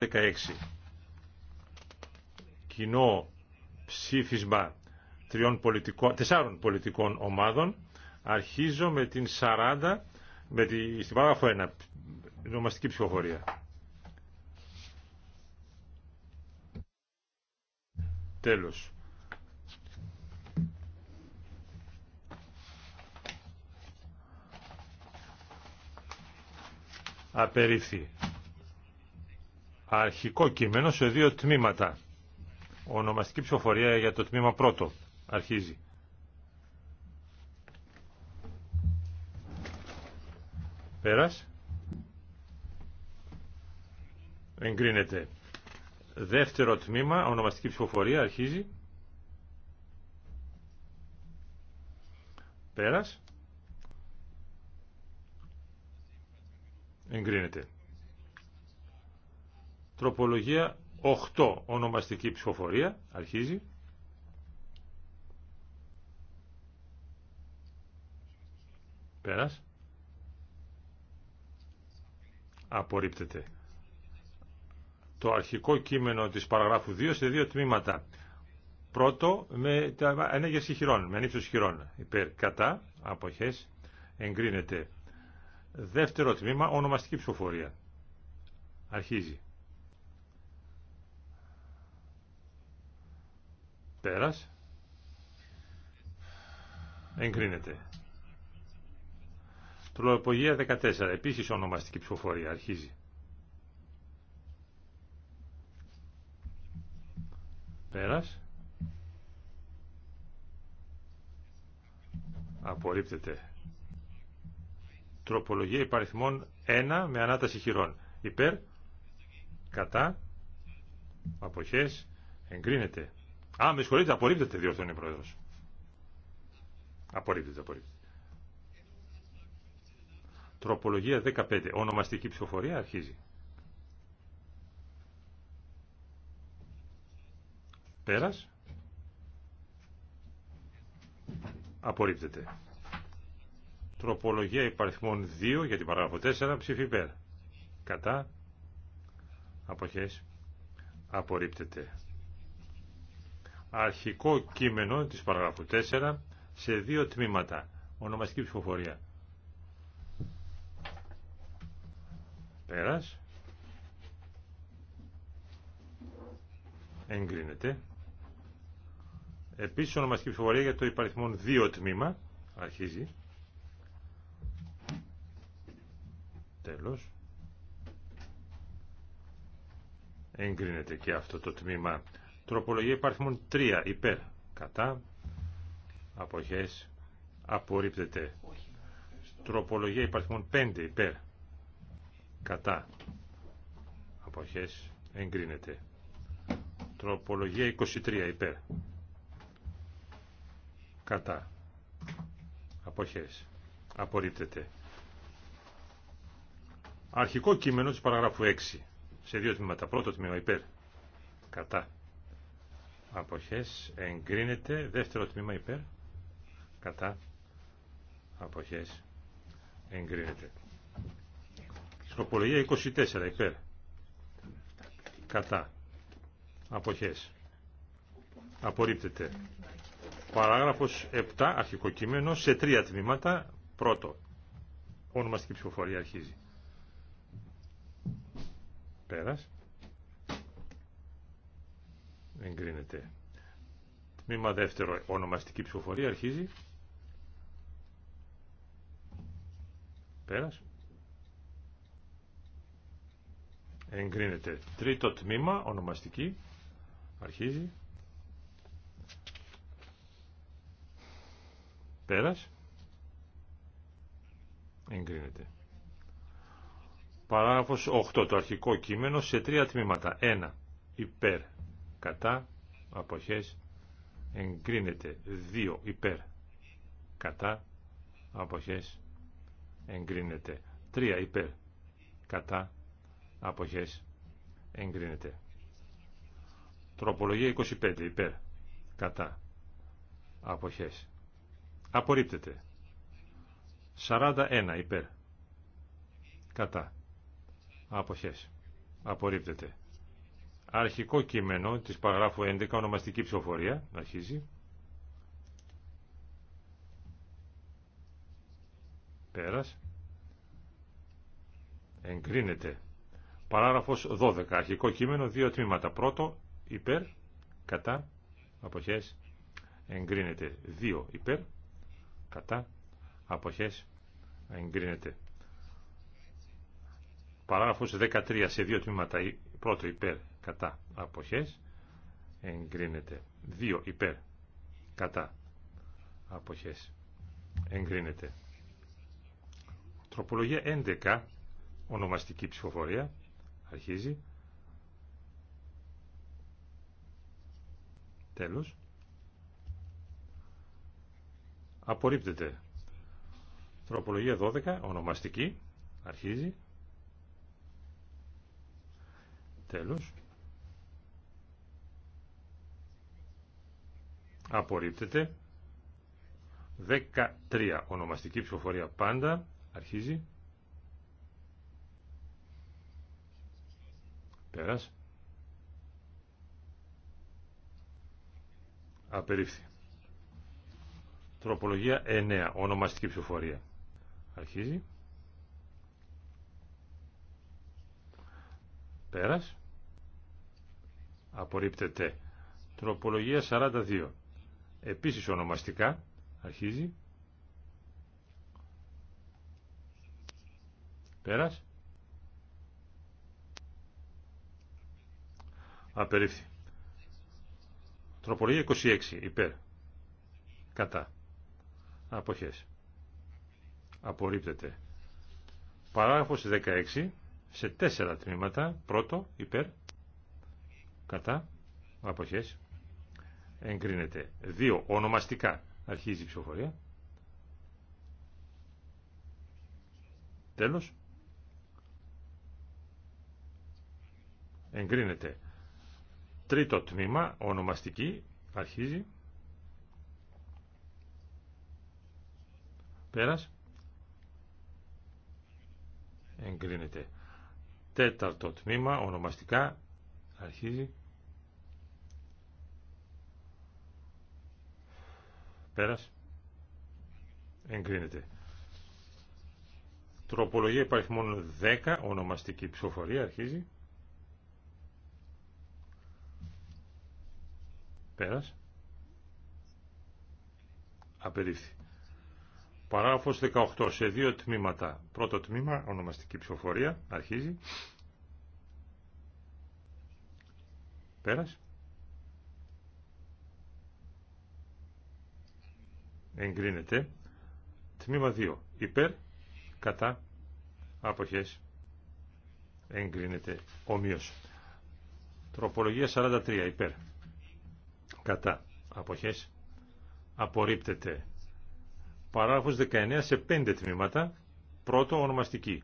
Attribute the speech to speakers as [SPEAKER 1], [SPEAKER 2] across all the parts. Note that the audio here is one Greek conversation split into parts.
[SPEAKER 1] 16. Κοινό ψήφισμα τριών πολιτικών, τεσσάρων πολιτικών ομάδων. Αρχίζω με την 40, με τη, στην παράγραφο 1, νομαστική ψηφοφορία. Τέλος. Απερίφθη αρχικό κείμενο σε δύο τμήματα. Ονομαστική ψηφοφορία για το τμήμα πρώτο. Αρχίζει. Πέρας. Εγκρίνεται. Δεύτερο τμήμα, ονομαστική ψηφοφορία, αρχίζει. Πέρας. Εγκρίνεται. Τροπολογία 8. Ονομαστική ψηφοφορία. Αρχίζει. Πέρας. Απορρίπτεται. Το αρχικό κείμενο της παραγράφου 2 σε δύο τμήματα. Πρώτο, με τα ανέγερση χειρών, με χειρών. Υπέρ, κατά, αποχές, εγκρίνεται. Δεύτερο τμήμα, ονομαστική ψηφοφορία. Αρχίζει. Πέρας. Εγκρίνεται. Τροπολογία 14. Επίσης ονομαστική ψηφοφορία. Αρχίζει. Πέρας. Απορρίπτεται. Τροπολογία υπαριθμών 1 με ανάταση χειρών. Υπέρ. Κατά. Αποχές. Εγκρίνεται. Α, με συγχωρείτε, απορρίπτεται, διορθώνει ο πρόεδρο. Απορρίπτεται, απορρίπτεται. Τροπολογία 15. Ονομαστική ψηφοφορία αρχίζει. Πέρας. Απορρίπτεται. Τροπολογία υπαριθμών 2 για την παράγραφο 4 ψήφι πέρα. Κατά. Αποχές. Απορρίπτεται αρχικό κείμενο της παραγράφου 4 σε δύο τμήματα. Ονομαστική ψηφοφορία. Πέρας. Εγκρίνεται. Επίσης ονομαστική ψηφοφορία για το υπαριθμόν 2 τμήμα. Αρχίζει. Τέλος. Εγκρίνεται και αυτό το τμήμα Τροπολογία μόνο 3 υπέρ. Κατά. Αποχές. Απορρίπτεται. Τροπολογία μόνο 5 υπέρ. Κατά. Αποχές. Εγκρίνεται. Τροπολογία 23 υπέρ. Κατά. Αποχές. Απορρίπτεται. Αρχικό κείμενο της παραγράφου 6. Σε δύο τμήματα. Πρώτο τμήμα υπέρ. Κατά αποχές εγκρίνεται δεύτερο τμήμα υπέρ κατά αποχές εγκρίνεται Σκοπολογία 24 υπέρ κατά αποχές απορρίπτεται παράγραφος 7 αρχικό κείμενο σε τρία τμήματα πρώτο ονομαστική ψηφοφορία αρχίζει πέρας Εγκρίνεται. Τμήμα δεύτερο, ονομαστική ψηφοφορία, αρχίζει. Πέρας. Εγκρίνεται. Τρίτο τμήμα, ονομαστική, αρχίζει. Πέρας. Εγκρίνεται. Παράγραφος 8. Το αρχικό κείμενο σε τρία τμήματα. 1. Υπέρ κατά αποχές εγκρίνεται 2 υπέρ κατά αποχές εγκρίνεται 3 υπέρ κατά αποχές εγκρίνεται τροπολογία 25 υπέρ κατά αποχές απορρίπτεται 41 υπέρ κατά αποχές απορρίπτεται αρχικό κείμενο της παραγράφου 11, ονομαστική ψηφοφορία, αρχίζει. Πέρας. Εγκρίνεται. Παράγραφος 12, αρχικό κείμενο, δύο τμήματα. Πρώτο, υπέρ, κατά, αποχές, εγκρίνεται. Δύο, υπέρ, κατά, αποχές, εγκρίνεται. Παράγραφος 13, σε δύο τμήματα, πρώτο υπέρ, κατά αποχές εγκρίνεται δύο υπέρ κατά αποχές εγκρίνεται τροπολογία 11 ονομαστική ψηφοφορία αρχίζει τέλος απορρίπτεται τροπολογία 12 ονομαστική αρχίζει τέλος απορρίπτεται. 13 ονομαστική ψηφοφορία πάντα αρχίζει. Πέρας. Απερίφθη. Τροπολογία 9 ονομαστική ψηφοφορία αρχίζει. Πέρας. Απορρίπτεται. Τροπολογία 42 Επίσης ονομαστικά αρχίζει. Πέρας. Απερίφθη. Τροπολογία 26 υπέρ. Κατά. Αποχές. Απορρίπτεται. Παράγραφος 16 σε τέσσερα τμήματα. Πρώτο υπέρ. Κατά. Αποχές εγκρίνεται. δύο Ονομαστικά αρχίζει η ψηφοφορία. Τέλος. Εγκρίνεται. Τρίτο τμήμα, ονομαστική, αρχίζει. Πέρας. Εγκρίνεται. Τέταρτο τμήμα, ονομαστικά, αρχίζει. Πέρας. Εγκρίνεται. Τροπολογία υπάρχει μόνο 10, ονομαστική ψηφοφορία αρχίζει. Πέρας. Απερίφθη. Παράγραφος 18 σε δύο τμήματα. Πρώτο τμήμα, ονομαστική ψηφοφορία, αρχίζει. Πέρας. εγκρίνεται. Τμήμα 2. Υπέρ, κατά, αποχές, εγκρίνεται ομοίως. Τροπολογία 43. Υπέρ, κατά, αποχές, απορρίπτεται. Παράγραφος 19 σε 5 τμήματα. Πρώτο ονομαστική.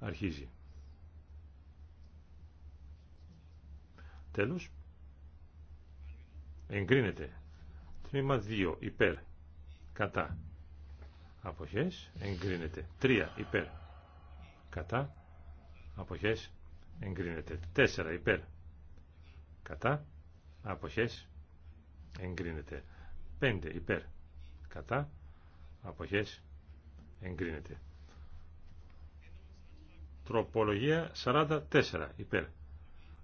[SPEAKER 1] Αρχίζει. Τέλος. Εγκρίνεται. Τμήμα 2. Υπέρ κατά αποχές εγκρίνεται 3 υπέρ κατά αποχές εγκρίνεται 4 υπέρ κατά αποχές εγκρίνεται 5 υπέρ κατά αποχές εγκρίνεται τροπολογία 44 υπέρ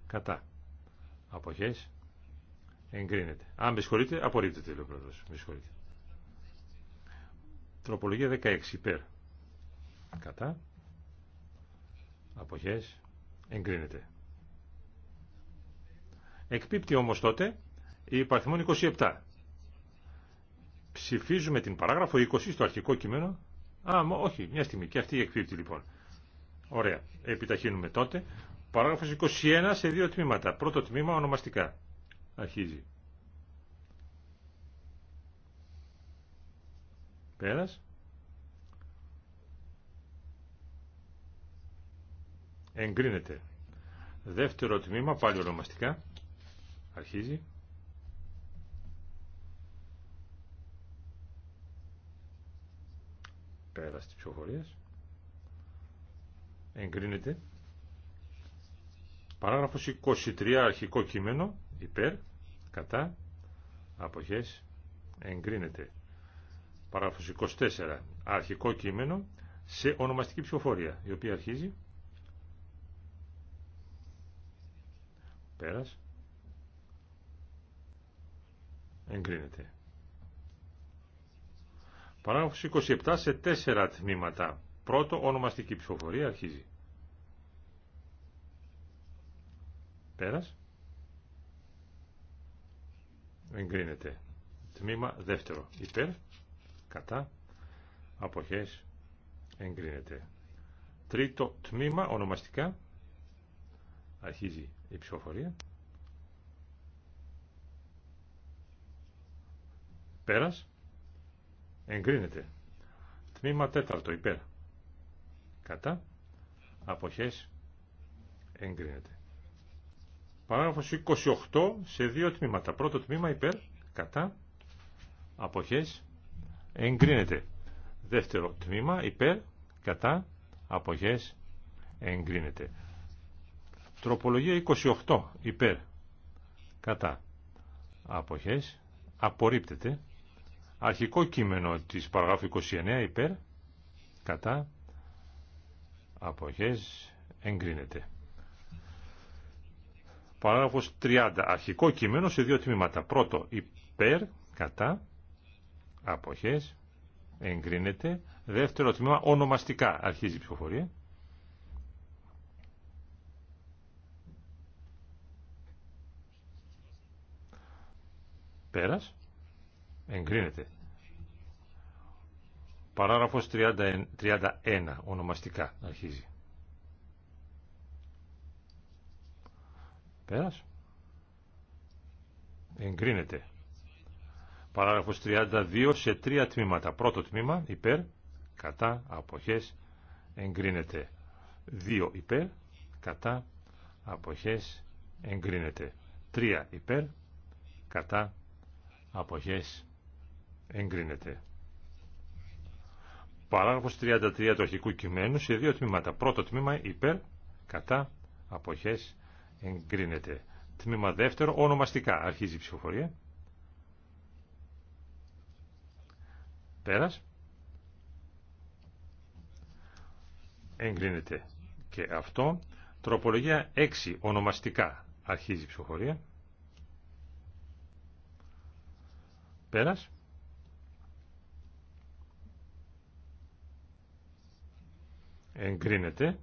[SPEAKER 1] κατά αποχές εγκρίνεται αν με συγχωρείτε απορρίπτεται λέει ο πρόεδρος Τροπολογία 16 υπέρ. Κατά. Αποχές. Εγκρίνεται. Εκπίπτει όμως τότε η υπαριθμόν 27. Ψηφίζουμε την παράγραφο 20 στο αρχικό κείμενο. Α, όχι, μια στιγμή. Και αυτή η εκπίπτει λοιπόν. Ωραία. Επιταχύνουμε τότε. Παράγραφος 21 σε δύο τμήματα. Πρώτο τμήμα ονομαστικά. Αρχίζει. Πέρας. Εγκρίνεται. Δεύτερο τμήμα, πάλι ονομαστικά. Αρχίζει. Πέρας της ψηφοφορίας. Εγκρίνεται. Παράγραφος 23, αρχικό κείμενο, υπέρ, κατά, αποχές, εγκρίνεται. Παράγραφος 24. Αρχικό κείμενο σε ονομαστική ψηφοφορία, η οποία αρχίζει. Πέρας. Εγκρίνεται. Παράγραφος 27 σε τέσσερα τμήματα. Πρώτο ονομαστική ψηφοφορία αρχίζει. Πέρας. Εγκρίνεται. Τμήμα δεύτερο. Υπέρ κατά αποχές εγκρίνεται τρίτο τμήμα ονομαστικά αρχίζει η ψηφοφορία πέρας εγκρίνεται τμήμα τέταρτο υπέρ κατά αποχές εγκρίνεται παράγραφος 28 σε δύο τμήματα πρώτο τμήμα υπέρ κατά αποχές εγκρίνεται. Δεύτερο τμήμα υπέρ, κατά, αποχές, εγκρίνεται. Τροπολογία 28 υπέρ, κατά, αποχές, απορρίπτεται. Αρχικό κείμενο της παραγράφου 29 υπέρ, κατά, αποχές, εγκρίνεται. Παράγραφος 30. Αρχικό κείμενο σε δύο τμήματα. Πρώτο, υπέρ, κατά, αποχές εγκρίνεται δεύτερο τμήμα ονομαστικά αρχίζει η ψηφοφορία πέρας εγκρίνεται παράγραφος 30, 31 ονομαστικά αρχίζει πέρας εγκρίνεται Παράγραφος 32 σε τρία τμήματα. Πρώτο τμήμα υπέρ, κατά, αποχές, εγκρίνεται. Δύο υπέρ, κατά, αποχές, εγκρίνεται. Τρία υπέρ, κατά, αποχές, εγκρίνεται. Παράγραφος 33 του αρχικού κειμένου σε δύο τμήματα. Πρώτο τμήμα υπέρ, κατά, αποχές, εγκρίνεται. Τμήμα δεύτερο, ονομαστικά. Αρχίζει η ψηφοφορία. Πέρας. Εγκρίνεται και αυτό. Τροπολογία 6 ονομαστικά αρχίζει η ψηφοφορία. Πέρας. Εγκρίνεται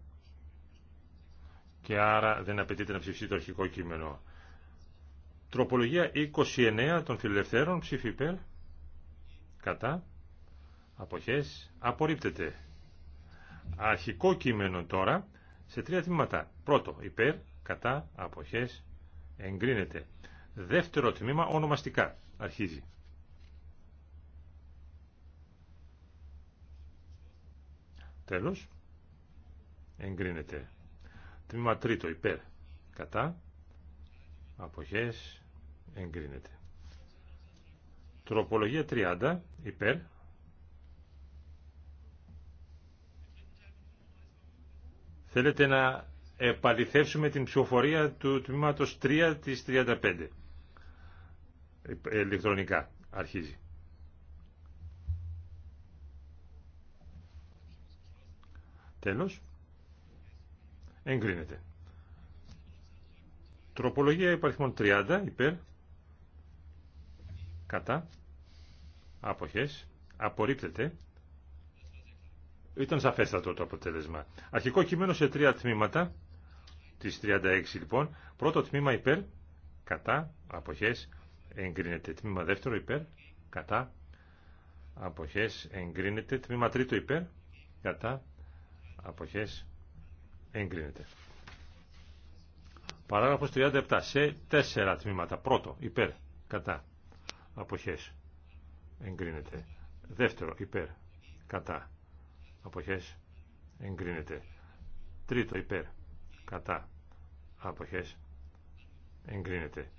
[SPEAKER 1] και άρα δεν απαιτείται να ψηφιστεί το αρχικό κείμενο. Τροπολογία 29 των φιλελευθέρων ψήφι υπέρ. Κατά αποχές απορρίπτεται. Αρχικό κείμενο τώρα σε τρία τμήματα. Πρώτο, υπέρ, κατά, αποχές, εγκρίνεται. Δεύτερο τμήμα, ονομαστικά, αρχίζει. Τέλος, εγκρίνεται. Τμήμα τρίτο, υπέρ, κατά, αποχές, εγκρίνεται. Τροπολογία 30, υπέρ, Θέλετε να επαληθεύσουμε την ψηφοφορία του τμήματος 3 της 35. Ε, ηλεκτρονικά αρχίζει. Τέλος. Εγκρίνεται. Τροπολογία υπαριθμών 30 υπέρ. Κατά. Αποχές. Απορρίπτεται. Ήταν σαφέστατο το αποτέλεσμα. Αρχικό κείμενο σε τρία τμήματα, τις 36 λοιπόν. Πρώτο τμήμα υπέρ, κατά, αποχές, εγκρίνεται. Τμήμα δεύτερο υπέρ, κατά, αποχές, εγκρίνεται. Τμήμα τρίτο υπέρ, κατά, αποχές, εγκρίνεται. Παράγραφο 37. Σε τέσσερα τμήματα. Πρώτο, υπέρ, κατά, αποχές, εγκρίνεται. Δεύτερο, υπέρ, κατά, αποχές εγκρίνεται. Τρίτο υπέρ κατά αποχές εγκρίνεται.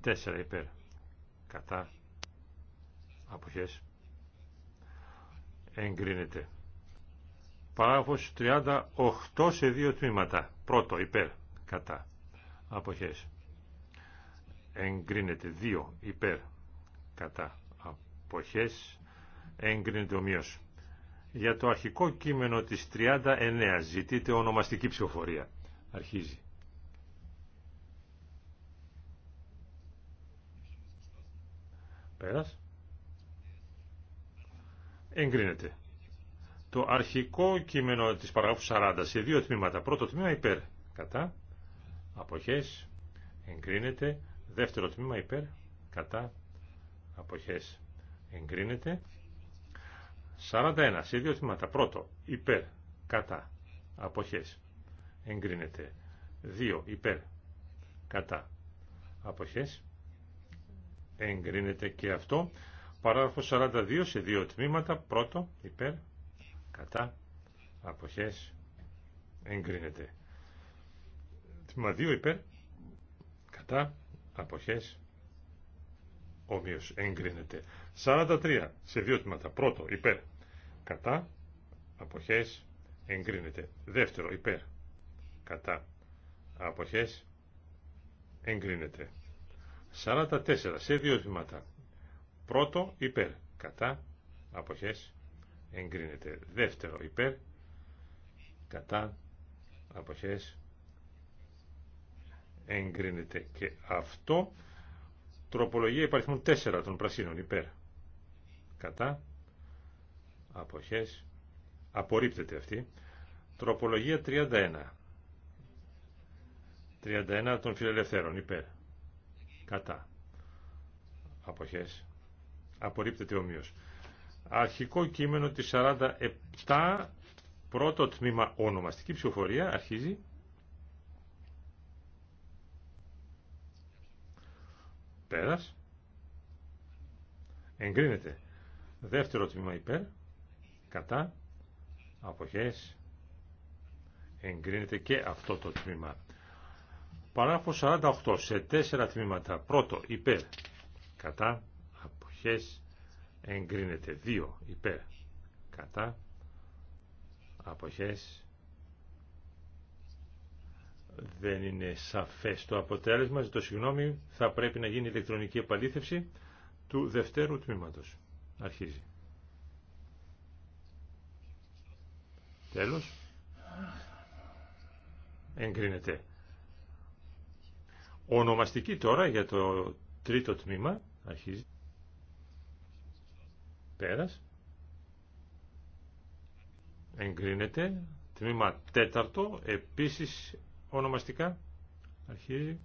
[SPEAKER 1] Τέσσερα υπέρ κατά αποχές εγκρίνεται. Παράγραφος 38 σε δύο τμήματα. Πρώτο υπέρ κατά αποχές εγκρίνεται. Δύο υπέρ κατά αποχές εγκρίνεται ομοίως. Για το αρχικό κείμενο της 39 ζητείται ονομαστική ψηφοφορία. Αρχίζει. Πέρας. Εγκρίνεται. Το αρχικό κείμενο της παραγράφου 40 σε δύο τμήματα. Πρώτο τμήμα υπέρ. Κατά. Αποχές. Εγκρίνεται. Δεύτερο τμήμα υπέρ. Κατά. Αποχές. Εγκρίνεται. 41 σε δύο τμήματα. Πρώτο, υπέρ, κατά, αποχές, εγκρίνεται. 2 υπέρ, κατά, αποχές, εγκρίνεται και αυτό. Παράγραφος 42 σε δύο τμήματα. Πρώτο, υπέρ, κατά, αποχές, εγκρίνεται. Τμήμα 2 υπέρ, κατά, αποχές, Ομοίως εγκρίνεται. 43 σε δύο τμήματα. Πρώτο υπέρ. Κατά. Αποχές εγκρίνεται. Δεύτερο υπέρ. Κατά. Αποχές εγκρίνεται. 44 σε δύο τμήματα. Πρώτο υπέρ. Κατά. Αποχές εγκρίνεται. Δεύτερο υπέρ. Κατά. Αποχές εγκρίνεται. Και αυτό Τροπολογία υπαριθμών 4 των πρασίνων υπέρ. Κατά. Αποχές. Απορρίπτεται αυτή. Τροπολογία 31. 31 των φιλελευθέρων υπέρ. Κατά. Αποχές. Απορρίπτεται ομοίως. Αρχικό κείμενο της 47 πρώτο τμήμα ονομαστική ψηφοφορία αρχίζει. Πέρας. Εγκρίνεται. Δεύτερο τμήμα υπέρ. Κατά. Αποχές. Εγκρίνεται και αυτό το τμήμα. παράφορ 48. Σε τέσσερα τμήματα. Πρώτο υπέρ. Κατά. Αποχές. Εγκρίνεται. Δύο υπέρ. Κατά. Αποχές δεν είναι σαφές το αποτέλεσμα, ζητώ συγγνώμη, θα πρέπει να γίνει ηλεκτρονική επαλήθευση του δευτέρου τμήματος. Αρχίζει. Τέλος. Εγκρίνεται. Ονομαστική τώρα για το τρίτο τμήμα. Αρχίζει. Πέρας. Εγκρίνεται. Τμήμα τέταρτο. Επίσης ονομαστικά. Αρχίζει.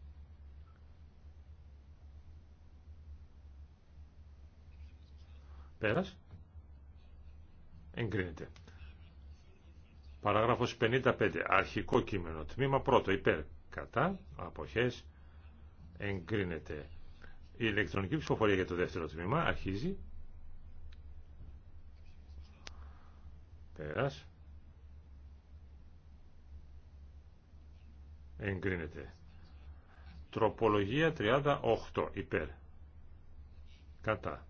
[SPEAKER 1] Πέρας. Εγκρίνεται. Παράγραφος 55. Αρχικό κείμενο. Τμήμα 1. Υπέρ. Κατά. Αποχές. Εγκρίνεται. Η ηλεκτρονική ψηφοφορία για το δεύτερο τμήμα αρχίζει. Πέρας. εγκρίνεται. Τροπολογία 38 υπέρ. Κατά.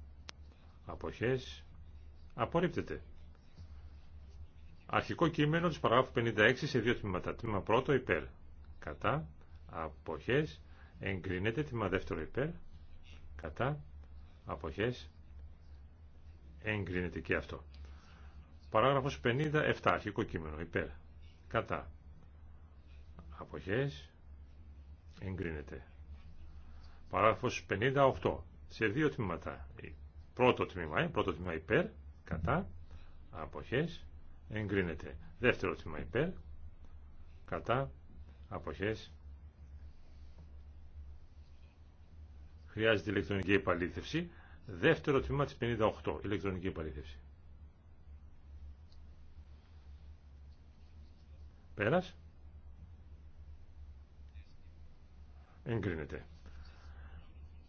[SPEAKER 1] Αποχές. Απορρίπτεται. Αρχικό κείμενο της παραγράφου 56 σε δύο τμήματα. Τμήμα πρώτο υπέρ. Κατά. Αποχές. Εγκρίνεται. Τμήμα δεύτερο υπέρ. Κατά. Αποχές. Εγκρίνεται και αυτό. Παράγραφος 57. Αρχικό κείμενο υπέρ. Κατά. Αποχές. Εγκρίνεται. Παράγραφος 58. Σε δύο τμήματα. Πρώτο τμήμα, ε, πρώτο τμήμα υπέρ, κατά, αποχές, εγκρίνεται. Δεύτερο τμήμα υπέρ, κατά, αποχές, χρειάζεται ηλεκτρονική επαλήθευση. Δεύτερο τμήμα της 58, ηλεκτρονική επαλήθευση. Πέρας. Εγκρίνεται.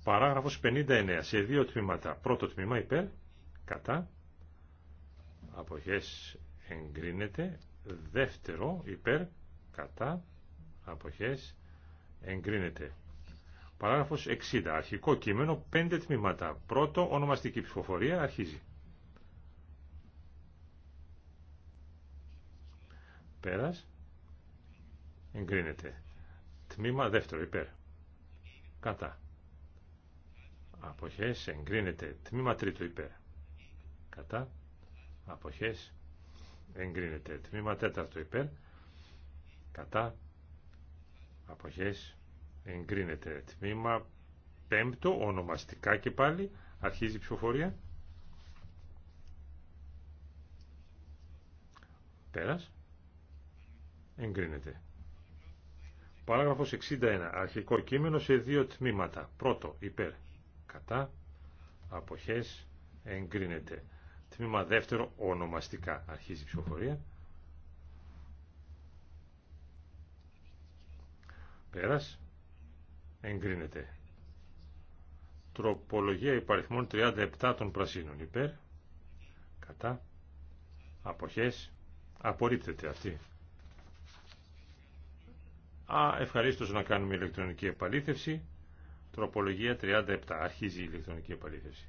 [SPEAKER 1] Παράγραφος 59 σε δύο τμήματα. Πρώτο τμήμα υπέρ, κατά, αποχές εγκρίνεται. Δεύτερο υπέρ, κατά, αποχές εγκρίνεται. Παράγραφος 60. Αρχικό κείμενο, πέντε τμήματα. Πρώτο, ονομαστική ψηφοφορία, αρχίζει. Πέρας, εγκρίνεται. Τμήμα δεύτερο, υπέρ κατά αποχές εγκρίνεται τμήμα τρίτο υπέρ κατά αποχές εγκρίνεται τμήμα τέταρτο υπέρ κατά αποχές εγκρίνεται τμήμα πέμπτο ονομαστικά και πάλι αρχίζει η ψηφοφορία πέρας εγκρίνεται Παράγραφος 61. Αρχικό κείμενο σε δύο τμήματα. Πρώτο, υπέρ. Κατά. Αποχές. Εγκρίνεται. Τμήμα δεύτερο, ονομαστικά. Αρχίζει η ψηφοφορία. Πέρας. Εγκρίνεται. Τροπολογία υπαριθμών 37 των πρασίνων. Υπέρ. Κατά. Αποχές. Απορρίπτεται αυτή. Α, ευχαρίστως να κάνουμε ηλεκτρονική επαλήθευση. Τροπολογία 37. Αρχίζει η ηλεκτρονική επαλήθευση.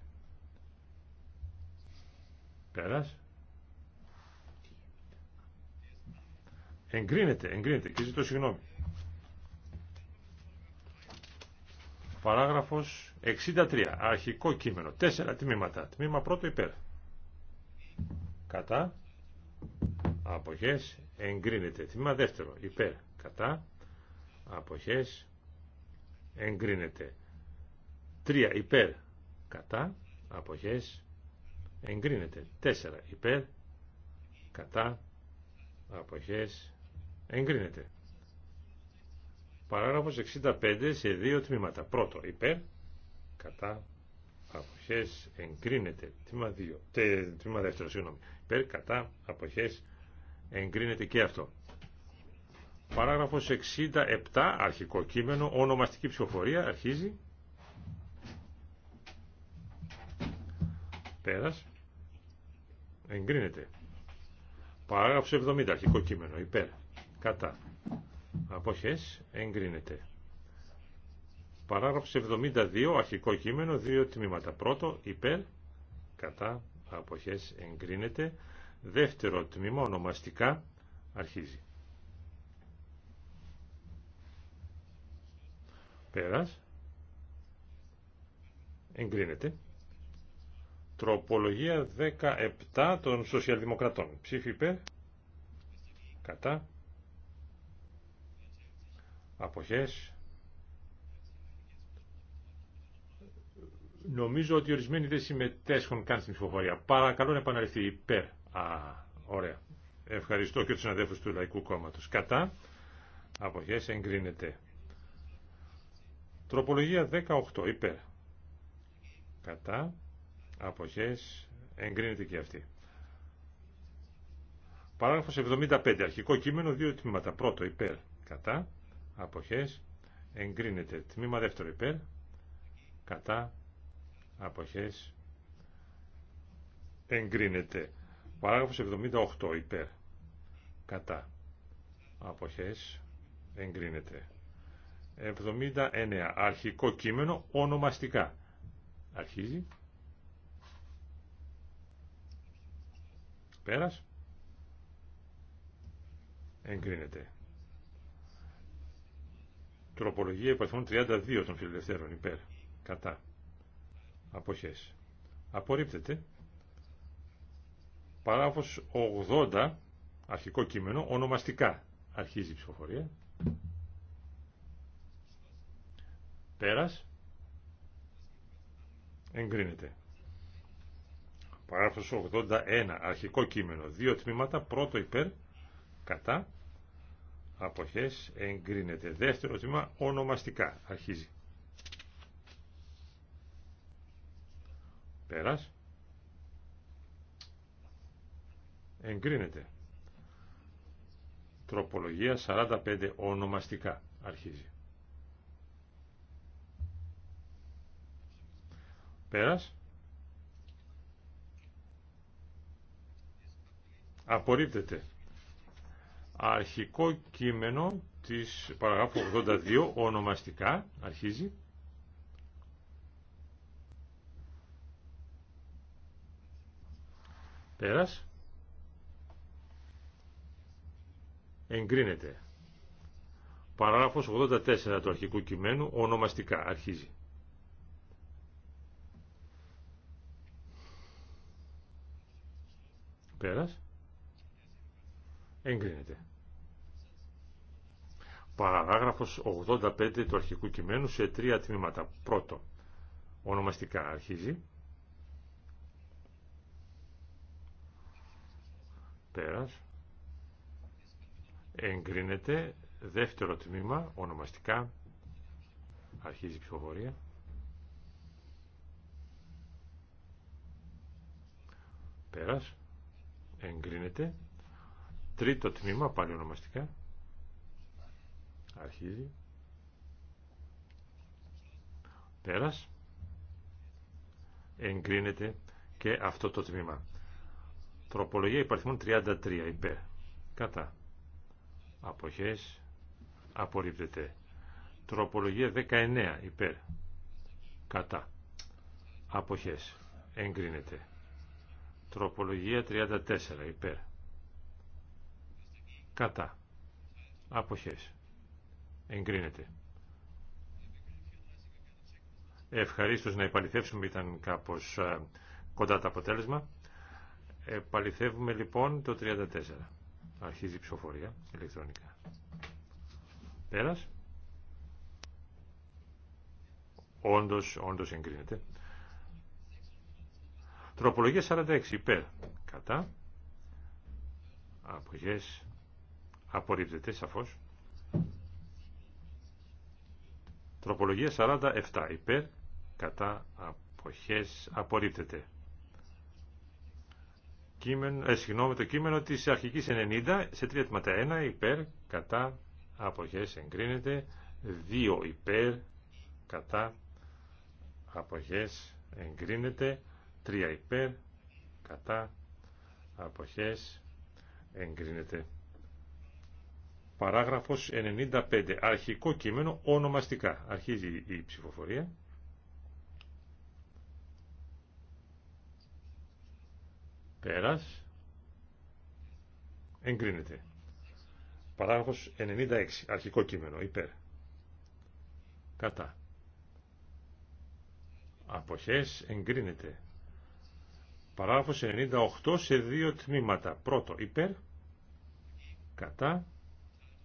[SPEAKER 1] Πέρας. Εγκρίνεται, εγκρίνεται και ζητώ συγγνώμη. Παράγραφος 63. Αρχικό κείμενο. Τέσσερα τμήματα. Τμήμα πρώτο υπέρ. Κατά. Αποχές. Εγκρίνεται. Τμήμα δεύτερο. Υπέρ. Κατά αποχές εγκρίνεται Τρία, υπέρ κατά αποχές εγκρίνεται Τέσσερα, υπέρ κατά αποχές εγκρίνεται παράγραφος 65 σε δύο τμήματα πρώτο υπέρ κατά αποχές εγκρίνεται τμήμα 2 τμήμα δεύτερο συγγνώμη υπέρ κατά αποχές εγκρίνεται και αυτό Παράγραφος 67, αρχικό κείμενο, ονομαστική ψηφοφορία, αρχίζει. Πέρας. Εγκρίνεται. Παράγραφος 70, αρχικό κείμενο, υπέρ. Κατά. Αποχές, εγκρίνεται. Παράγραφος 72, αρχικό κείμενο, δύο τμήματα. Πρώτο, υπέρ. Κατά. Αποχές, εγκρίνεται. Δεύτερο τμήμα, ονομαστικά, αρχίζει. Πέρας. Εγκρίνεται. Τροπολογία 17 των Σοσιαλδημοκρατών. Ψήφι υπέρ. Κατά. Αποχές. Νομίζω ότι ορισμένοι δεν συμμετέσχουν καν στην ψηφοφορία. Παρακαλώ να επαναληφθεί υπέρ. Α, ωραία. Ευχαριστώ και τους συναδέλφους του Λαϊκού Κόμματος. Κατά. Αποχές εγκρίνεται. Τροπολογία 18 υπέρ. Κατά αποχές εγκρίνεται και αυτή. Παράγραφος 75. Αρχικό κείμενο, δύο τμήματα. Πρώτο υπέρ. Κατά αποχές εγκρίνεται. Τμήμα δεύτερο υπέρ. Κατά αποχές εγκρίνεται. Παράγραφος 78 υπέρ. Κατά αποχές εγκρίνεται. 79. Αρχικό κείμενο ονομαστικά. Αρχίζει. Πέρας. Εγκρίνεται. Τροπολογία υπαριθμών 32 των φιλελευθέρων υπέρ. Κατά. Αποχές. Απορρίπτεται. Παράγραφος 80. Αρχικό κείμενο ονομαστικά. Αρχίζει η ψηφοφορία. Πέρας. Εγκρίνεται. Παράγραφος 81. Αρχικό κείμενο. Δύο τμήματα. Πρώτο υπέρ. Κατά. Αποχές. Εγκρίνεται. Δεύτερο τμήμα. Ονομαστικά. Αρχίζει. Πέρας. Εγκρίνεται. Τροπολογία 45 ονομαστικά αρχίζει. Πέρας. Απορρίπτεται. Αρχικό κείμενο της παραγράφου 82 ονομαστικά αρχίζει. Πέρας. Εγκρίνεται. Παράγραφος 84 του αρχικού κειμένου ονομαστικά αρχίζει. Πέρας. Εγκρίνεται. Παράγραφος 85 του αρχικού κειμένου σε τρία τμήματα. Πρώτο, ονομαστικά αρχίζει. Πέρας. Εγκρίνεται. Δεύτερο τμήμα, ονομαστικά. Αρχίζει η ψηφοφορία. Πέρας εγκρίνεται. Τρίτο τμήμα, πάλι ονομαστικά. Αρχίζει. Πέρας. Εγκρίνεται και αυτό το τμήμα. Τροπολογία υπαριθμών 33 υπέρ. Κατά. Αποχές. Απορρίπτεται. Τροπολογία 19 υπέρ. Κατά. Αποχές. Εγκρίνεται. Τροπολογία 34 υπέρ. Κατά. Αποχές. Εγκρίνεται. Ευχαρίστως να επαληθεύσουμε, ήταν κάπως ε, κοντά το αποτέλεσμα. Επαληθεύουμε λοιπόν το 34. Αρχίζει η ψηφοφορία ηλεκτρονικά. Πέρας. Όντως, όντως εγκρίνεται. Τροπολογία 46 υπέρ. Κατά. Αποχές. Απορρίπτεται σαφώς. Τροπολογία 47 υπέρ. Κατά. Αποχές. Απορρίπτεται. Κείμενο, ε, συγγνώμη, το κείμενο της αρχικής 90 σε τρία τμήματα 1 υπέρ. Κατά. Αποχές εγκρίνεται. 2 υπέρ. Κατά. Αποχές εγκρίνεται. 3 υπέρ, κατά, αποχές, εγκρίνεται. Παράγραφος 95. Αρχικό κείμενο ονομαστικά. Αρχίζει η ψηφοφορία. Πέρας. Εγκρίνεται. Παράγραφος 96. Αρχικό κείμενο. Υπέρ. Κατά. Αποχές εγκρίνεται. Παράγραφος 98 σε δύο τμήματα. Πρώτο υπέρ, κατά,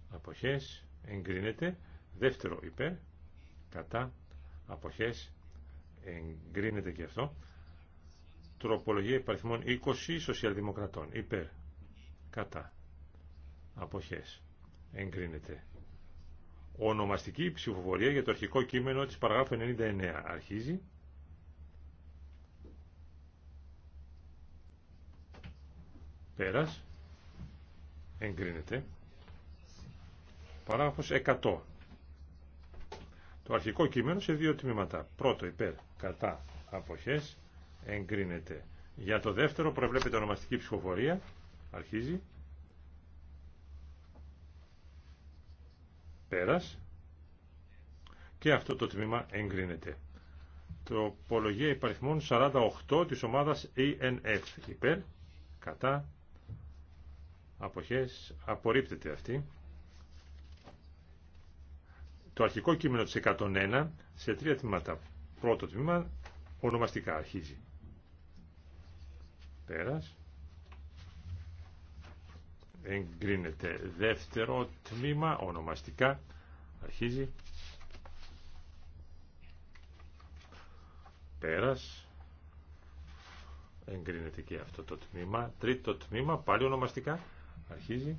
[SPEAKER 1] αποχές, εγκρίνεται. Δεύτερο υπέρ, κατά, αποχές, εγκρίνεται και αυτό. Τροπολογία υπαριθμών 20 σοσιαλδημοκρατών. Υπέρ, κατά, αποχές, εγκρίνεται. Ονομαστική ψηφοφορία για το αρχικό κείμενο της παραγράφου 99 αρχίζει. Πέρας. Εγκρίνεται. Παράγραφος 100. Το αρχικό κείμενο σε δύο τμήματα. Πρώτο υπέρ κατά αποχές εγκρίνεται. Για το δεύτερο προβλέπεται ονομαστική ψηφοφορία. Αρχίζει. Πέρας. Και αυτό το τμήμα εγκρίνεται. Τροπολογία υπαριθμών 48 της ομάδας ENF. Ε υπέρ, κατά, αποχές απορρίπτεται αυτή. Το αρχικό κείμενο της 101 σε τρία τμήματα. Πρώτο τμήμα ονομαστικά αρχίζει. Πέρας. Εγκρίνεται δεύτερο τμήμα ονομαστικά αρχίζει. Πέρας. Εγκρίνεται και αυτό το τμήμα. Τρίτο τμήμα πάλι ονομαστικά. Αρχίζει.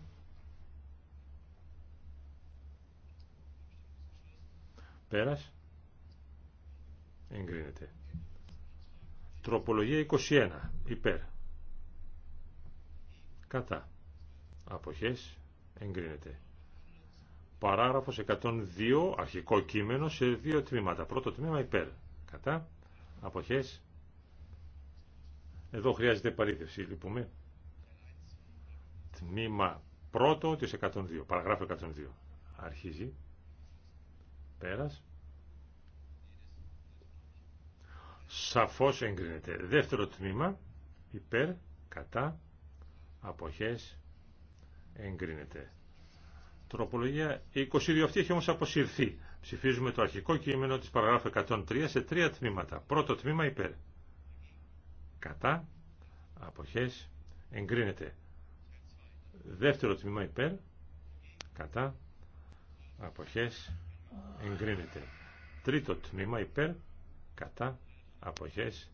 [SPEAKER 1] Πέρας. Εγκρίνεται. Τροπολογία 21. Υπέρ. Κατά. Αποχές. Εγκρίνεται. Παράγραφος 102. Αρχικό κείμενο σε δύο τμήματα. Πρώτο τμήμα υπέρ. Κατά. Αποχές. Εδώ χρειάζεται παρήθευση. Λυπούμε. Λοιπόν τμήμα πρώτο της 102, παραγράφω 102. Αρχίζει. Πέρας. Σαφώς εγκρίνεται. Δεύτερο τμήμα, υπέρ, κατά, αποχές, εγκρίνεται. Τροπολογία 22 αυτή έχει όμως αποσυρθεί. Ψηφίζουμε το αρχικό κείμενο της παραγράφου 103 σε τρία τμήματα. Πρώτο τμήμα υπέρ. Κατά, αποχές, εγκρίνεται. Δεύτερο τμήμα υπέρ, κατά, αποχές, εγκρίνεται. Τρίτο τμήμα υπέρ, κατά, αποχές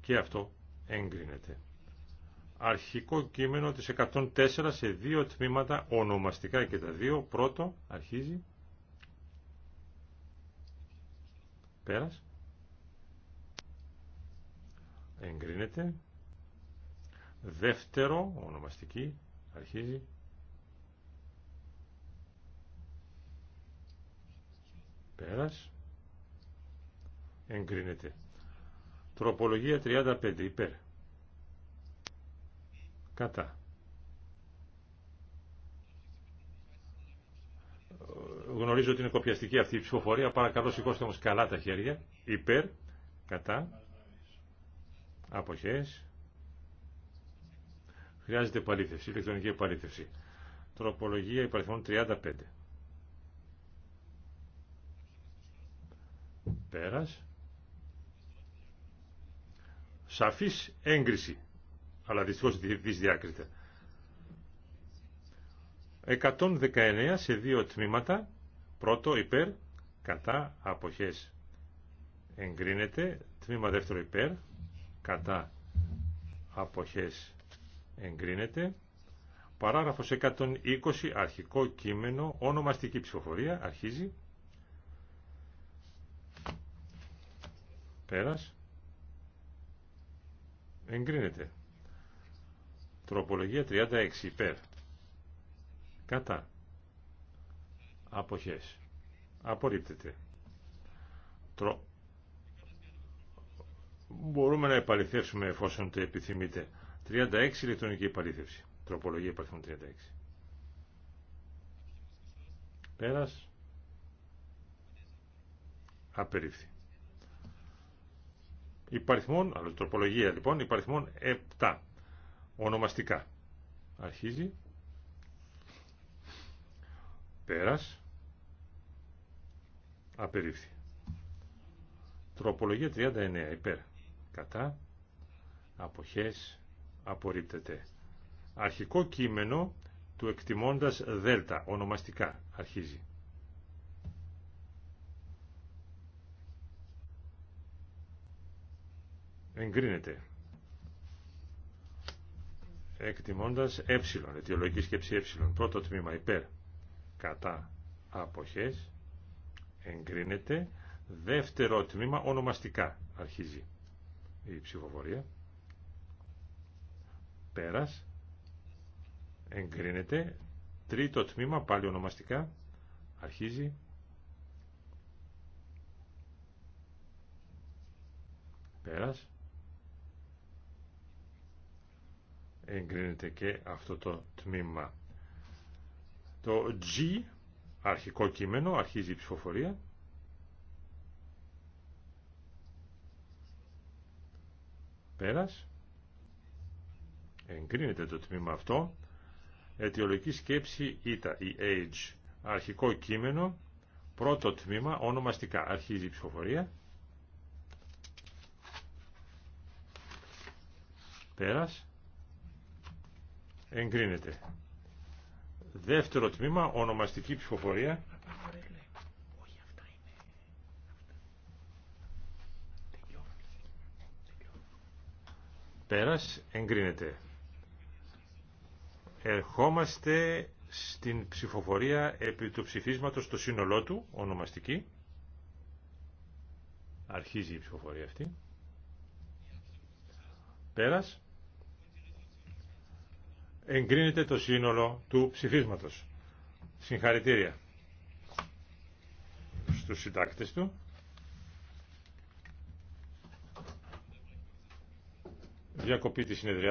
[SPEAKER 1] και αυτό εγκρίνεται. Αρχικό κείμενο της 104 σε δύο τμήματα, ονομαστικά και τα δύο. Πρώτο αρχίζει. Πέρας. Εγκρίνεται. Δεύτερο, ονομαστική, αρχίζει. Πέρας. Εγκρίνεται. Τροπολογία 35 υπέρ. Κατά. Γνωρίζω ότι είναι κοπιαστική αυτή η ψηφοφορία. Παρακαλώ σηκώστε όμως καλά τα χέρια. Υπέρ. Κατά. Αποχές. Χρειάζεται επαλήθευση, ηλεκτρονική επαλήθευση. Τροπολογία υπαριθμών 35. Πέρας. Σαφής έγκριση. Αλλά δυστυχώς δυσδιάκριτα. 119 σε δύο τμήματα. Πρώτο υπέρ, κατά, αποχές. Εγκρίνεται. Τμήμα δεύτερο υπέρ, κατά, αποχές εγκρίνεται. Παράγραφος 120, αρχικό κείμενο, ονομαστική ψηφοφορία, αρχίζει. Πέρας. Εγκρίνεται. Τροπολογία 36, υπέρ. Κατά. Αποχές. Απορρίπτεται. Τρο... Μπορούμε να επαληθεύσουμε εφόσον το επιθυμείτε. 36 ηλεκτρονική επαλήθευση. Τροπολογία υπαριθμών 36. Πέρας. Απερίφθη. Υπαριθμών, αλλά τροπολογία λοιπόν, υπαριθμών 7. Ονομαστικά. Αρχίζει. Πέρας. Απερίφθη. Τροπολογία 39. Υπέρ. Κατά. Αποχές απορρίπτεται. Αρχικό κείμενο του εκτιμώντας δέλτα, ονομαστικά, αρχίζει. Εγκρίνεται. Εκτιμώντας ε, αιτιολογική σκέψη ε, πρώτο τμήμα υπέρ, κατά, αποχές, εγκρίνεται. Δεύτερο τμήμα, ονομαστικά, αρχίζει η ψηφοφορία πέρας εγκρίνεται τρίτο τμήμα πάλι ονομαστικά αρχίζει πέρας εγκρίνεται και αυτό το τμήμα το G αρχικό κείμενο αρχίζει η ψηφοφορία πέρας εγκρίνεται το τμήμα αυτό, αιτιολογική σκέψη ήτα, η age, αρχικό κείμενο, πρώτο τμήμα, ονομαστικά, αρχίζει η ψηφοφορία, πέρας, εγκρίνεται. Δεύτερο τμήμα, ονομαστική ψηφοφορία, πέρας εγκρίνεται. Ερχόμαστε στην ψηφοφορία επί του ψηφίσματος στο σύνολό του, ονομαστική. Αρχίζει η ψηφοφορία αυτή. Πέρας. Εγκρίνεται το σύνολο του ψηφίσματος. Συγχαρητήρια στους συντάκτες του. Διακοπή τη συνεδρία.